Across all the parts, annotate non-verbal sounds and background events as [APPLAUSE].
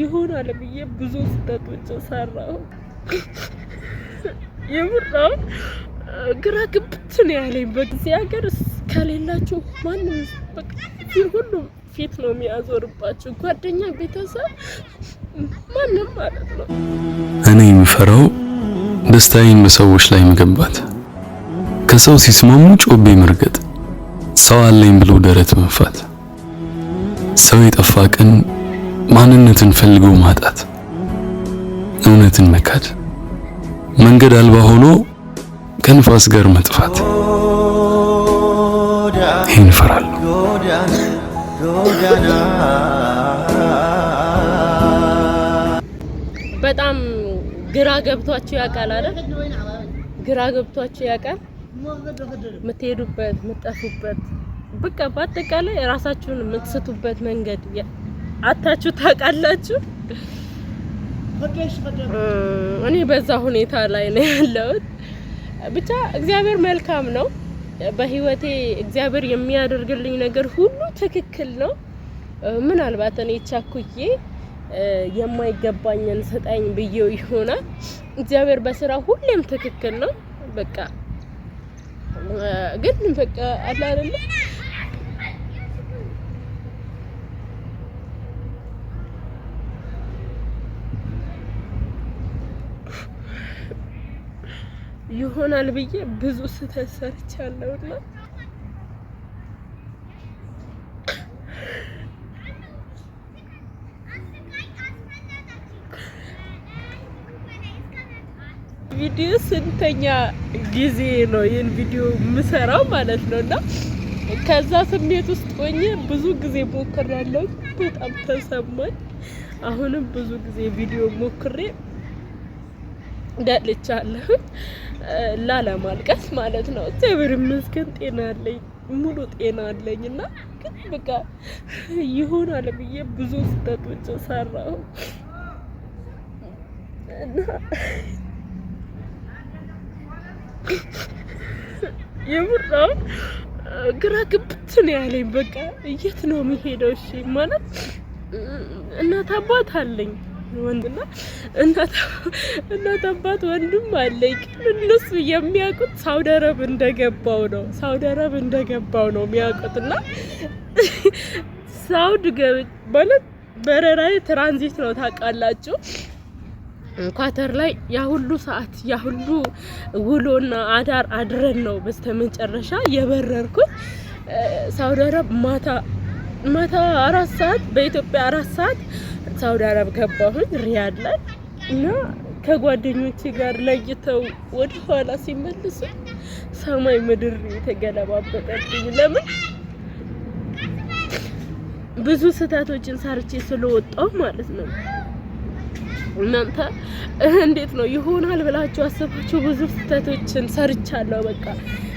ይሆናል ብዬ ብዙ ስህተቶች ሰራው። የምራው ግራ ግብት ነው ያለኝ። በጊዜ ሀገር ከሌላችሁ ማንም ሁሉም ፊት ነው የሚያዞርባችሁ፣ ጓደኛ፣ ቤተሰብ፣ ማንም ማለት ነው። እኔ የምፈራው ደስታዬን በሰዎች ላይ መገንባት፣ ከሰው ሲስማሙ ጮቤ መርገጥ፣ ሰው አለኝ ብሎ ደረት መንፋት፣ ሰው የጠፋ ቀን ማንነትን ፈልጎ ማጣት፣ እውነትን መካድ፣ መንገድ አልባ ሆኖ ከንፋስ ጋር መጥፋት። ይህን እፈራለሁ። በጣም ግራ ገብቷችሁ ያውቃል አይደል? ግራ ገብቷችሁ ያውቃል። የምትሄዱበት የምትጠፉበት፣ በቃ በአጠቃላይ ራሳችሁን የምትስቱበት መንገድ አታችሁ ታውቃላችሁ። እኔ በዛ ሁኔታ ላይ ነው ያለሁት። ብቻ እግዚአብሔር መልካም ነው። በህይወቴ እግዚአብሔር የሚያደርግልኝ ነገር ሁሉ ትክክል ነው። ምናልባት እኔ ቻኩዬ የማይገባኝን ስጠኝ ብዬው ይሆናል። እግዚአብሔር በስራ ሁሌም ትክክል ነው። በቃ ግን በቃ አለ ይሆናል ብዬ ብዙ ስህተት እና ቪዲዮ ስንተኛ ጊዜ ነው ይህን ቪዲዮ የምሰራው ማለት ነው። እና ከዛ ስሜት ውስጥ ሆኜ ብዙ ጊዜ ሞክሬያለሁ። በጣም ተሰማኝ። አሁንም ብዙ ጊዜ ቪዲዮ ሞክሬ ዳልቻለሁ ላለማልቀስ ማለት ነው። እግዚአብሔር ይመስገን ጤና አለኝ፣ ሙሉ ጤና አለኝ እና ግን በቃ ይሆናል ብዬ ብዙ ስህተቶች ሰራሁ እና የምራው ግራ ግብት ነው ያለኝ። በቃ የት ነው የምሄደው? እሺ ማለት እናት አባት አለኝ ወንድና እናት እናት አባት ወንድም አለኝ። ግን እነሱ የሚያውቁት ሳውዲ አረብ እንደገባው ነው። ሳውዲ አረብ እንደገባው ነው የሚያውቁት እና ሳውድ ማለት በረራዬ ትራንዚት ነው ታውቃላችሁ። ኳተር ላይ ያ ሁሉ ሰዓት ያ ሁሉ ውሎና አዳር አድረን ነው በስተመጨረሻ የበረርኩት ሳውዲ አረብ ማታ ማታ አራት ሰዓት በኢትዮጵያ አራት ሰዓት ሳውዲ አረብ ገባሁኝ ሪያድ ላይ እና ከጓደኞቼ ጋር ለይተው ወደ ኋላ ሲመልሱ ሰማይ ምድር የተገለባበጠብኝ። ለምን ብዙ ስህተቶችን ሰርቼ ስለወጣው ማለት ነው። እናንተ እንዴት ነው ይሆናል ብላችሁ አስባችሁ ብዙ ስህተቶችን ሰርቻለሁ በቃ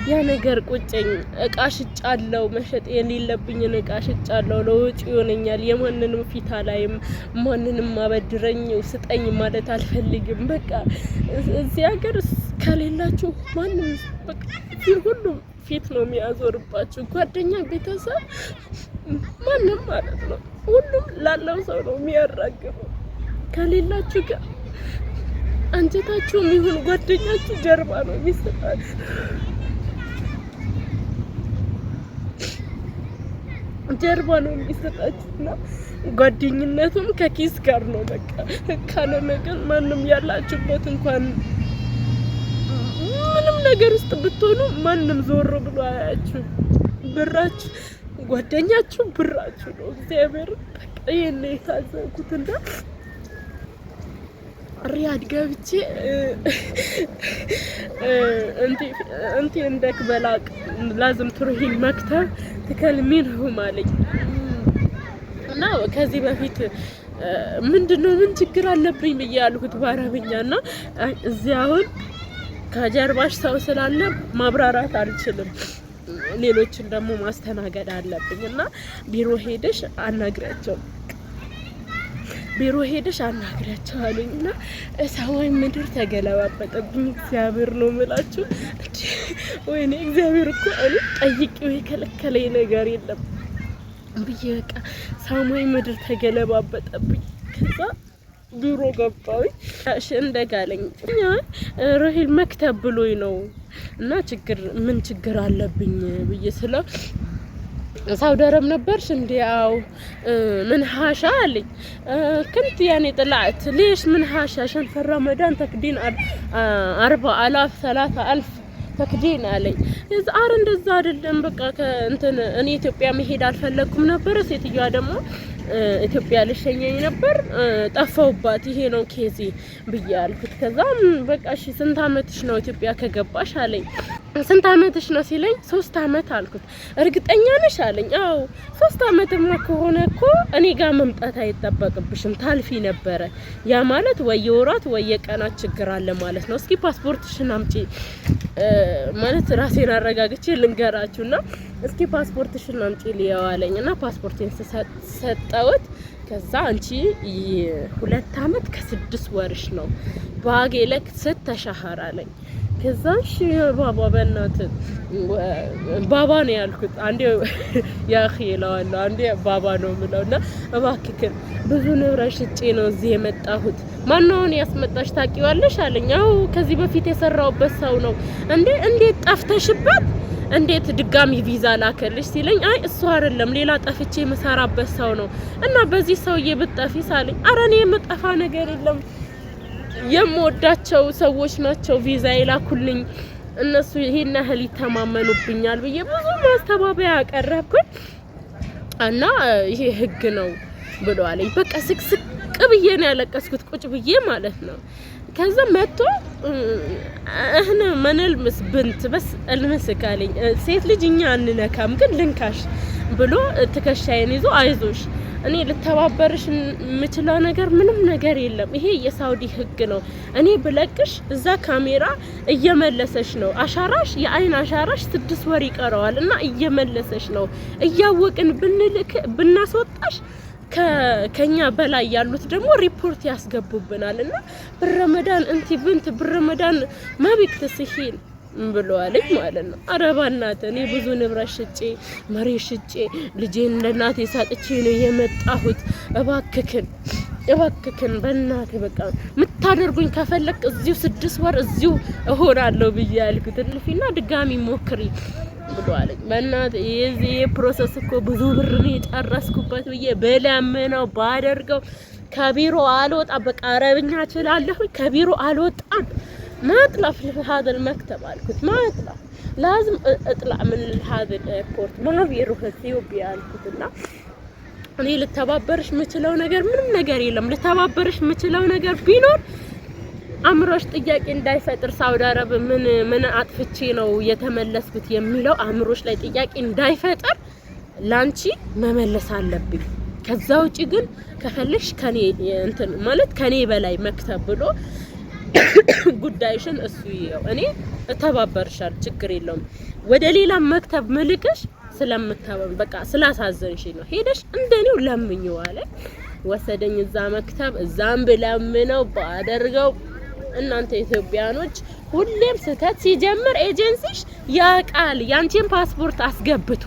ያ ነገር ቁጭኝ እቃ ሽጫለው፣ መሸጥ የሌለብኝን እቃ ሽጫለው፣ ለውጭ ይሆነኛል። የማንንም ፊት አላይም፣ ማንንም አበድረኝ ስጠኝ ማለት አልፈልግም። በቃ እዚህ ሀገር ከሌላችሁ ማንም በቃ ሁሉም ፊት ነው የሚያዞርባችሁ፣ ጓደኛ፣ ቤተሰብ፣ ማንም ማለት ነው። ሁሉም ላለው ሰው ነው የሚያራግበው። ከሌላችሁ ጋር አንጀታችሁ የሚሆን ጓደኛችሁ ጀርባ ነው የሚሰጣችሁ። ጀርባ ነው የሚሰጣችሁ እና ጓደኝነቱም ከኪስ ጋር ነው። በቃ ካልሆነ ግን ማንም ያላችሁበት እንኳን ምንም ነገር ውስጥ ብትሆኑ ማንም ዞር ብሎ አያችሁ። ብራችሁ ጓደኛችሁ ብራችሁ ነው። እግዚአብሔር ይህን የታዘብኩት እና ሪያድ ገብቼ እንቲ እንደክ በላቅ ላዝም ትሩሂን መክተብ ትከልሚንሁ ማለኝ እና ከዚህ በፊት ምንድነው ምን ችግር አለብኝ ብዬ ያልኩት በአረብኛ እና እዚህ አሁን ከጀርባሽ ሰው ስላለ ማብራራት አልችልም። ሌሎችን ደግሞ ማስተናገድ አለብኝ እና ቢሮ ሄደሽ አናግሪያቸው። ቢሮ ሄደሽ አናግሪያቸው አሉኝ እና ሰማይ ምድር ተገለባበጠብኝ። እግዚአብሔር ነው ምላችሁ። ወይኔ እግዚአብሔር እኮ እኔ ጠይቄው የከለከለኝ ነገር የለም ብዬ በቃ ሰማይ ምድር ተገለባበጠብኝ። ከዛ ቢሮ ገባሁኝ። እንደጋለኝ እኛ ሮሄል መክተብ ብሎኝ ነው እና ችግር ምን ችግር አለብኝ ብዬ ስለው ሳውዲ አረብ ነበርሽ እንዲያው ምን ሀሻ አለኝ ክንት ያኔ ጥላት ሌሽ ምን ሀሻ ሸንፈራ መዳን ተክዲን አርባ አላፍ ሰላሳ አልፍ ተክዲን አለኝ ዛር እንደዛ አይደለም። በቃ ከእንትን እኔ ኢትዮጵያ መሄድ አልፈለግኩም ነበር ሴትዮዋ ደግሞ ኢትዮጵያ ልሸኘኝ ነበር ጠፋውባት፣ ይሄ ነው ኬዚ ብዬ አልኩት። ከዛም በቃ እሺ ስንት አመትሽ ነው ኢትዮጵያ ከገባሽ አለኝ። ስንት አመትሽ ነው ሲለኝ ሶስት አመት አልኩት። እርግጠኛ ነሽ አለኝ። አዎ ሶስት አመትማ ከሆነ እኮ እኔ ጋር መምጣት አይጠበቅብሽም ታልፊ ነበረ። ያ ማለት ወይ የወራት ወይ የቀናት ችግር አለ ማለት ነው። እስኪ ፓስፖርትሽን አምጪ ማለት ራሴን አረጋግቼ ልንገራችሁና እስኪ ፓስፖርትሽን አምጪ ሊያው አለኝና ፓስፖርቴን ሰጠሁት። ከዛ አንቺ ሁለት አመት ከስድስት ወርሽ ነው በአጌ ለክ ስተሻሃር አለኝ ከዛ እሺ ባባ በእናት ባባ ነው ያልኩት። አንዴ ያኺ እለዋለሁ፣ አንዴ ባባ ነው የምለው እና እባክክን ብዙ ንብረት ሽጬ ነው እዚህ የመጣሁት። ማናውን ያስመጣሽ ታውቂዋለሽ አለኝ። አዎ ከዚህ በፊት የሰራውበት ሰው ነው። እንዴ እንዴት ጠፍተሽበት እንዴት ድጋሚ ቪዛ ላከልሽ ሲለኝ፣ አይ እሱ አይደለም ሌላ ጠፍቼ የምሰራበት ሰው ነው እና በዚህ ሰውዬ ብትጠፊ ሳለኝ፣ አረ እኔ የምጠፋ ነገር የለም የምወዳቸው ሰዎች ናቸው ቪዛ ይላኩልኝ። እነሱ ይሄን ያህል ይተማመኑብኛል ብዬ ብዙ ማስተባበያ አቀረብኩኝ እና ይሄ ህግ ነው ብለዋል። በቃ ስቅስቅ ብዬ ነው ያለቀስኩት፣ ቁጭ ብዬ ማለት ነው። ከዛ መጥቶ እህነ መነልምስ ብንት በስ እልምስክ ሴት ልጅ እኛ አንነካም፣ ግን ልንካሽ ብሎ ትከሻዬን ይዞ አይዞሽ እኔ ልተባበርሽ የምችለው ነገር ምንም ነገር የለም። ይሄ የሳውዲ ህግ ነው። እኔ ብለቅሽ እዛ ካሜራ እየመለሰሽ ነው። አሻራሽ የአይን አሻራሽ ስድስት ወር ይቀረዋል እና እየመለሰሽ ነው። እያወቅን ብንልክ ብናስወጣሽ ከኛ በላይ ያሉት ደግሞ ሪፖርት ያስገቡብናል እና ብረመዳን እንቲ ብንት ብረመዳን ማቢክት ስሂል ብለዋለች ማለት ነው። አረባ እናት እኔ ብዙ ንብረት ሽጬ መሬት ሽጬ ልጄን ለእናቴ ሳጥቼ ነው የመጣሁት። እባክክን እባክክን በእናቴ በቃ የምታደርጉኝ ከፈለክ እዚሁ ስድስት ወር እዚሁ እሆናለሁ ብዬ ያልኩት ልፊና ድጋሚ ሞክሪ ብለዋለች። በእናት የዚህ ፕሮሰስ እኮ ብዙ ብር ነው የጨረስኩበት ብዬ ብለምነው ባደርገው ከቢሮ አልወጣም። በቃ አረብኛ እችላለሁ ከቢሮ አልወጣም። ማጥላፍ لهذا المكتب አልኩት ማጥላፍ لازم اطلع من هذا الايربورت ما بيروح ኢትዮጵያ አልኩትና እኔ ልተባበርሽ የምችለው ነገር ምንም ነገር የለም። ልተባበርሽ የምችለው ነገር ቢኖር አእምሮሽ ጥያቄ እንዳይፈጥር ሳውዲ አረብ ምን ምን አጥፍቼ ነው የተመለስኩት የሚለው አእምሮሽ ላይ ጥያቄ እንዳይፈጥር ላንቺ መመለስ አለብኝ። ከዛ ውጪ ግን ከፈለሽ ከኔ እንትን ማለት ከኔ በላይ መክተብ ብሎ ጉዳይሽን እሱ ይየው። እኔ እተባበርሻል፣ ችግር የለውም። ወደ ሌላ መክተብ ምልክሽ ስለምታበም በቃ ስላሳዘንሽ ነው። ሄደሽ እንደኔው ለምኝ ዋለ ወሰደኝ እዛ መክተብ፣ እዛም ብለምነው ባደርገው። እናንተ ኢትዮጵያኖች ሁሌም ስህተት ሲጀምር ኤጀንሲሽ ያቃል። ያንቺን ፓስፖርት አስገብቱ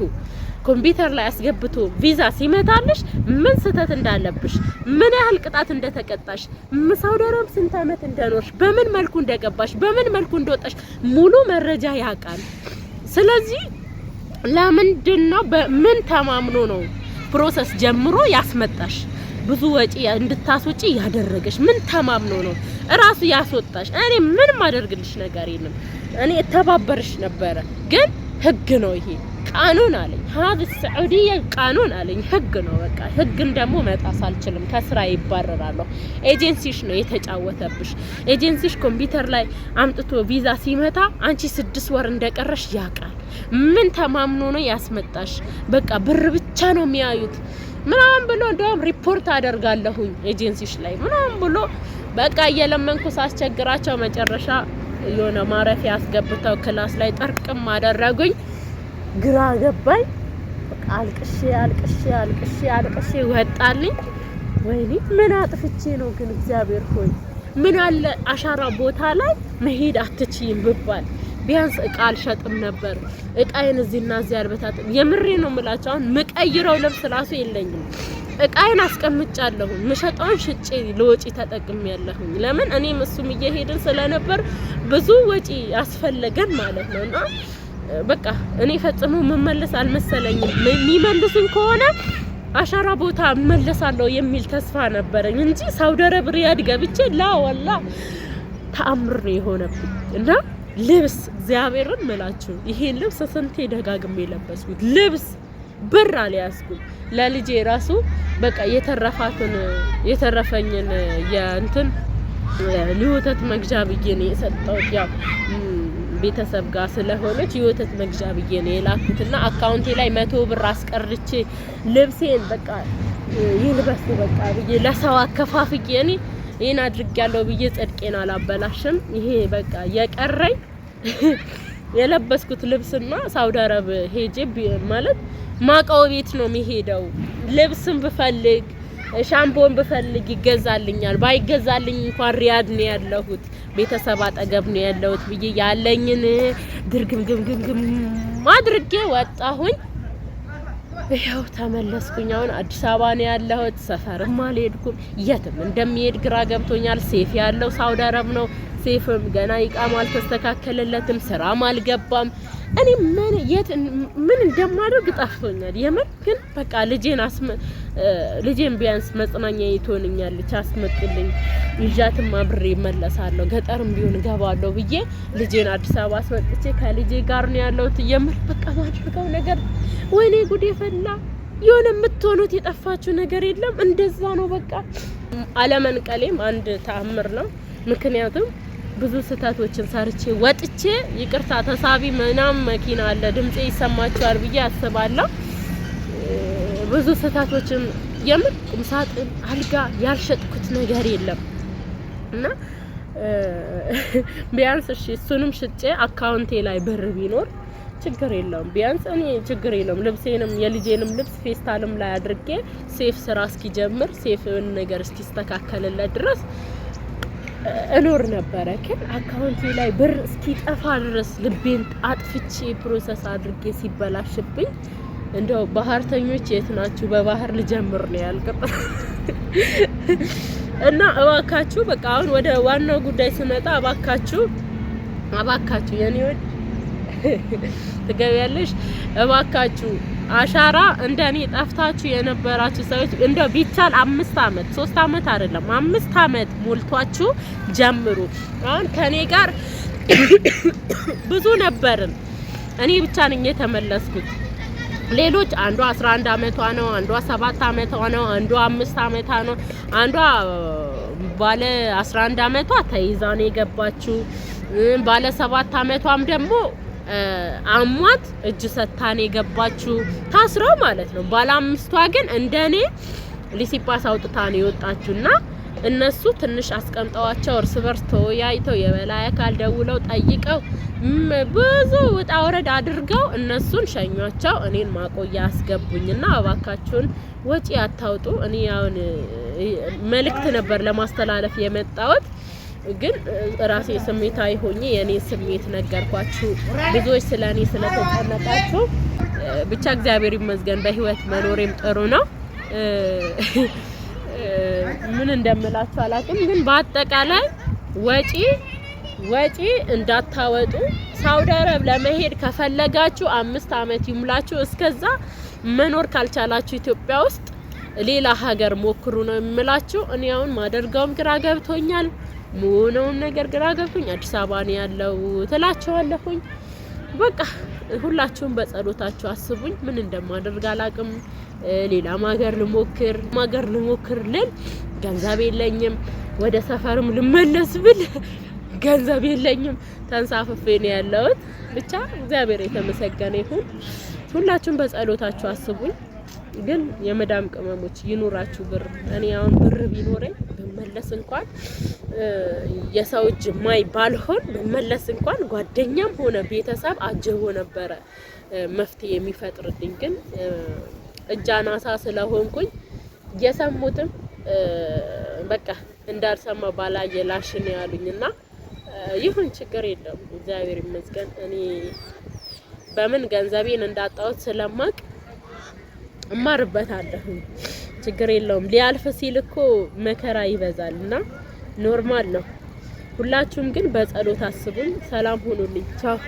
ኮምፒውተር ላይ አስገብቶ ቪዛ ሲመታልሽ ምን ስህተት እንዳለብሽ፣ ምን ያህል ቅጣት እንደተቀጣሽ፣ ሳውዲ አረብ ስንት ዓመት እንደኖርሽ፣ በምን መልኩ እንደገባሽ፣ በምን መልኩ እንደወጣሽ ሙሉ መረጃ ያውቃል። ስለዚህ ለምንድን ነው በምን ተማምኖ ነው ፕሮሰስ ጀምሮ ያስመጣሽ ብዙ ወጪ እንድታስወጪ ያደረገሽ ምን ተማምኖ ነው እራሱ ያስወጣሽ? እኔ ምንም አደርግልሽ ነገር የለም። እኔ እተባበርሽ ነበረ፣ ግን ህግ ነው ይሄ። ቃኑን አለኝ ሀብ ሰዑዲያ ቃኑን አለኝ ህግ ነው። በቃ ህግን ደግሞ መጣስ አልችልም፣ ከስራ ይባረራለሁ። ኤጀንሲሽ ነው የተጫወተብሽ። ኤጀንሲሽ ኮምፒውተር ላይ አምጥቶ ቪዛ ሲመታ አንቺ ስድስት ወር እንደቀረሽ ያውቃል። ምን ተማምኖ ነው ያስመጣሽ? በቃ ብር ብቻ ነው የሚያዩት ምናምን ብሎ እንደውም ሪፖርት አደርጋለሁኝ ኤጀንሲሽ ላይ ምናምን ብሎ በቃ እየለመንኩ ሳስቸግራቸው መጨረሻ የሆነ ማረፊያ አስገብተው ክላስ ላይ ጠርቅም አደረጉኝ። ግራ ገባኝ። አልቅሼ አልቅሼ አልቅሼ አልቅሼ ወጣልኝ። ወይኔ ምን አጥፍቼ ነው ግን እግዚአብሔር ሆይ ምን አለ አሻራ ቦታ ላይ መሄድ አትችይም ብባል ቢያንስ እቃ አልሸጥም ነበር። እቃዬን እዚህና እዚህ አልበታት። የምሬ ነው የምላቸው። አሁን ምቀይረው ልብስ ራሱ የለኝም። እቃዬን አስቀምጫለሁ። ምሸጣውን ሽጬ ለወጪ ተጠቅም ያለሁኝ። ለምን እኔም እሱም እየሄድን ስለነበር ብዙ ወጪ ያስፈለገን ማለት ነው እና በቃ እኔ ፈጽሞ መመለስ አልመሰለኝም። የሚመልሱኝ ከሆነ አሻራ ቦታ እመለሳለሁ የሚል ተስፋ ነበረኝ እንጂ ሳውዲ አረብ ሪያድ ገብቼ ላ ወላ ተአምር የሆነብኝ እና ልብስ እግዚአብሔርን ምላችሁ ይሄን ልብስ ስንቴ ደጋግሜ የለበስኩት ልብስ ብር አልያዝኩም። ለልጄ ራሱ በቃ የተረፋትን የተረፈኝን የእንትን ለወተት መግዣ ብዬ ነው የሰጠሁት ያው ቤተሰብ ጋር ስለሆነች የወተት መግዣ ብዬ ነው የላኩትና አካውንቴ ላይ መቶ ብር አስቀርቼ ልብሴን በቃ ይልበስ በቃ ብዬ ለሰው አከፋፍዬ እኔ ይሄን አድርጌያለሁ ብዬ ጽድቄን አላበላሽም። ይሄ በቃ የቀረኝ [LAUGHS] የለበስኩት ልብስና ሳውዲ አረብ ሄጄ ማለት ማቀው ቤት ነው የሚሄደው ልብስም ብፈልግ ሻምፖን ብፈልግ ይገዛልኛል፣ ባይገዛልኝ እንኳን ሪያድ ነው ያለሁት፣ ቤተሰብ አጠገብ ነው ያለሁት ብዬ ያለኝን ድርግምግምግምግም ማድርጌ ወጣሁኝ። ይኸው ተመለስኩኝ። አሁን አዲስ አበባ ነው ያለሁት። ሰፈርም አልሄድኩም፣ የትም እንደሚሄድ ግራ ገብቶኛል። ሴፍ ያለው ሳውዲ አረብ ነው። ሴፍም ገና ይቃም አልተስተካከለለትም፣ ስራም አልገባም። እኔ ምን የት ምን እንደማደርግ ጠፍቶኛል። የምር ግን በቃ ልጄን አስመ ልጄን ቢያንስ መጽናኛ ትሆንኛለች አስመጥልኝ፣ ይዣትም አብሬ እመለሳለሁ፣ ገጠርም ቢሆን እገባለሁ ብዬ ልጄን አዲስ አበባ አስመጥቼ ከልጄ ጋር ነው ያለሁት። የምር በቃ ማድረገው ነገር ወይኔ ጉድ የፈላ የሆነ የምትሆኑት የጠፋችሁ ነገር የለም። እንደዛ ነው በቃ አለመንቀሌም አንድ ተአምር ነው ምክንያቱም ብዙ ስህተቶችን ሰርቼ ወጥቼ ይቅርታ ተሳቢ ምናምን መኪና አለ ድምጼ ይሰማቸዋል ብዬ አስባለሁ። ብዙ ስህተቶችን የምር ቁም ሳጥን፣ አልጋ ያልሸጥኩት ነገር የለም እና [LAUGHS] ቢያንስ እሺ እሱንም ሽጬ አካውንቴ ላይ ብር ቢኖር ችግር የለውም። ቢያንስ እኔ ችግር የለውም። ልብሴንም የልጄንም ልብስ ፌስታልም ላይ አድርጌ ሴፍ ስራ እስኪጀምር ሴፍን ነገር እስኪስተካከልለት ድረስ እኖር ነበረ። ግን አካውንቴ ላይ ብር እስኪጠፋ ድረስ ልቤን አጥፍቼ ፕሮሰስ አድርጌ ሲበላሽብኝ እንደው ባህርተኞች የት ናችሁ? በባህር ልጀምር ነው ያልቅም እና እባካችሁ በቃ አሁን ወደ ዋናው ጉዳይ ስመጣ እባካችሁ እባካችሁ የኔ ወድ ትገቢያለሽ እባካችሁ አሻራ እንደ እኔ ጠፍታችሁ የነበራችሁ ሰዎች እንደ ቢቻል አምስት አመት ሶስት አመት አይደለም አምስት አመት ሞልቷችሁ ጀምሩ። አሁን ከኔ ጋር ብዙ ነበርን። እኔ ብቻ ነኝ የተመለስኩት። ሌሎች አንዷ 11 አመቷ ነው፣ አንዷ 7 አመቷ ነው፣ አንዷ 5 አመቷ ነው፣ አንዷ ባለ 11 አመቷ ተይዛ ነው የገባችው። ባለ 7 አመቷም ደግሞ አሟት እጅ ሰታን የገባችው ታስረው ማለት ነው። ባለ አምስቷ ግን እንደኔ ሊሲፓስ አውጥታ ነው የወጣችውና እነሱ ትንሽ አስቀምጠዋቸው እርስ በርስ ተወያይተው የበላይ አካል ደውለው ጠይቀው ብዙ ውጣ ወረድ አድርገው እነሱን ሸኟቸው። እኔን ማቆያ አስገቡኝና እባካችሁን ወጪ አታውጡ። እኔ ያውን መልእክት ነበር ለማስተላለፍ የመጣሁት። ግን ራሴ ስሜታዊ ሆኜ የእኔ ስሜት ነገርኳችሁ። ብዙዎች ስለ እኔ ስለተጨነቃችሁ ብቻ እግዚአብሔር ይመስገን በህይወት መኖሬም ጥሩ ነው። ምን እንደምላችሁ አላውቅም። ግን በአጠቃላይ ወጪ ወጪ እንዳታወጡ። ሳውዲ አረብ ለመሄድ ከፈለጋችሁ አምስት አመት ይሙላችሁ። እስከዛ መኖር ካልቻላችሁ ኢትዮጵያ ውስጥ ሌላ ሀገር ሞክሩ ነው የምላችሁ። እኔ አሁን ማደርገውም ግራ ገብቶኛል። መሆነውን ነገር ግራ ገብቶኝ አዲስ አበባ ነው ያለው ትላቸዋለሁኝ። በቃ ሁላችሁም በጸሎታችሁ አስቡኝ። ምን እንደማደርግ አላቅም። ሌላም ሀገር ልሞክር ሀገር ልሞክር ልል ገንዘብ የለኝም። ወደ ሰፈርም ልመለስ ብል ገንዘብ የለኝም። ተንሳፍፌ ነው ያለሁት። ብቻ እግዚአብሔር የተመሰገነ ይሁን። ሁላችሁም በጸሎታችሁ አስቡኝ። ግን የመዳም ቅመሞች ይኑራችሁ ብር። እኔ አሁን ብር ቢኖረኝ ብመለስ እንኳን የሰው እጅ ማይ ባልሆን ብመለስ እንኳን ጓደኛም ሆነ ቤተሰብ አጅቦ ነበረ መፍትሄ የሚፈጥርልኝ። ግን እጅ አናሳ ስለሆንኩኝ የሰሙትም በቃ እንዳልሰማ ባላየ ላሽን ያሉኝ እና ይሁን ችግር የለም እግዚአብሔር ይመስገን። እኔ በምን ገንዘቤን እንዳጣሁት ስለማቅ እማርበታለሁ። ችግር የለውም። ሊያልፍ ሲል እኮ መከራ ይበዛል እና ኖርማል ነው። ሁላችሁም ግን በጸሎት አስቡኝ። ሰላም ሆኖልኝ ቻው።